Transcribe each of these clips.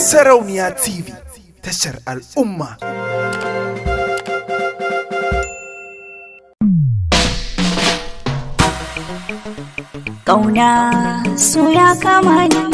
Sarauniya TV tashar al'umma. Ƙauna so ya kama ni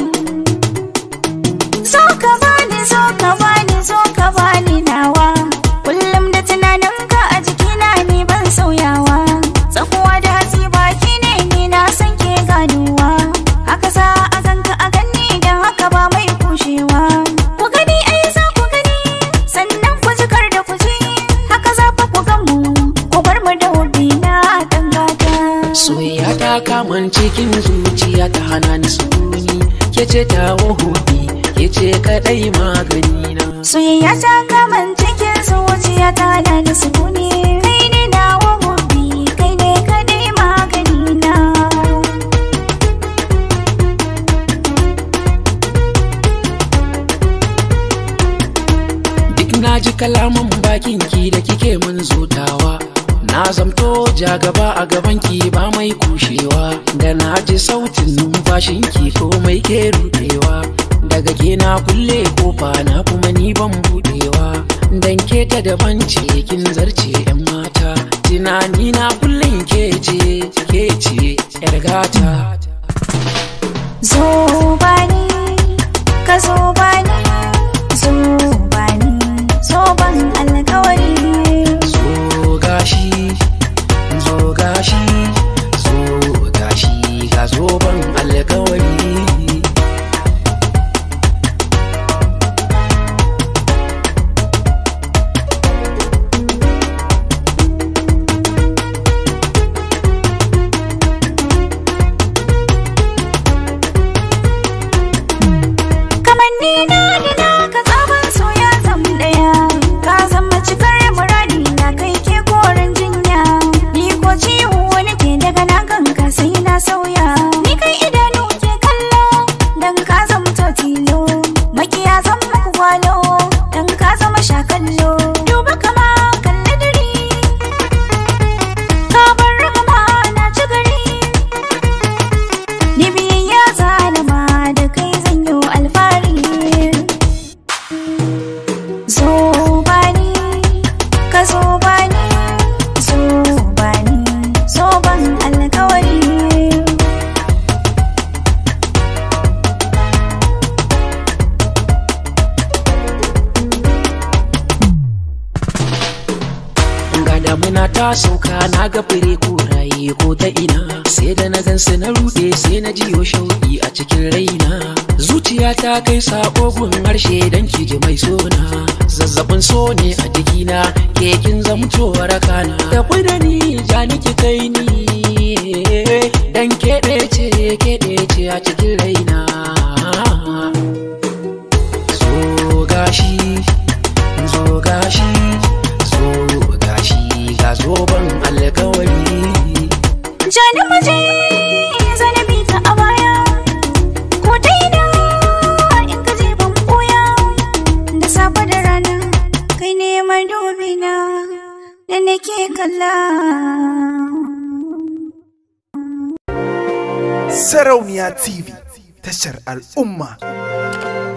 ta kaman cikin zuciya ta hana ni suni ke ce ta wahudi ke ce kadai magani na soyayya ta kaman cikin zuciya ta hana ni suni kai ne na wahudi kai ne kadai magani na duk naji kalaman bakin ki da kike mun zutawa na zamto ja gaba a gabanki ba mai kushewa da na ji sautin numfashinki mai ke rudewa daga ke na kulle kofa na kuma ni ban budewa dan ke ta daban ce kin zarce yan mata tunani na kullun ke ce ke ce yar gata zo I know na ta sauka na ga fure raye ko ta ina sai da na gansu na rude sai na jiyo shauki a cikin raina zuciya ta kai sako gun harshe dan ki ji mai sona zazzabin so ne a jikina ke kin zamto waraka na tafi da ni ja ni ki kai ni dan keɓe ce keɓe ce a cikin raina zoben alkawari jani maje zanabi ta a baya ko daina in ka je ban koya da safe da rana kai ne madubina da nake kalla Sarauniya TV tashar al'umma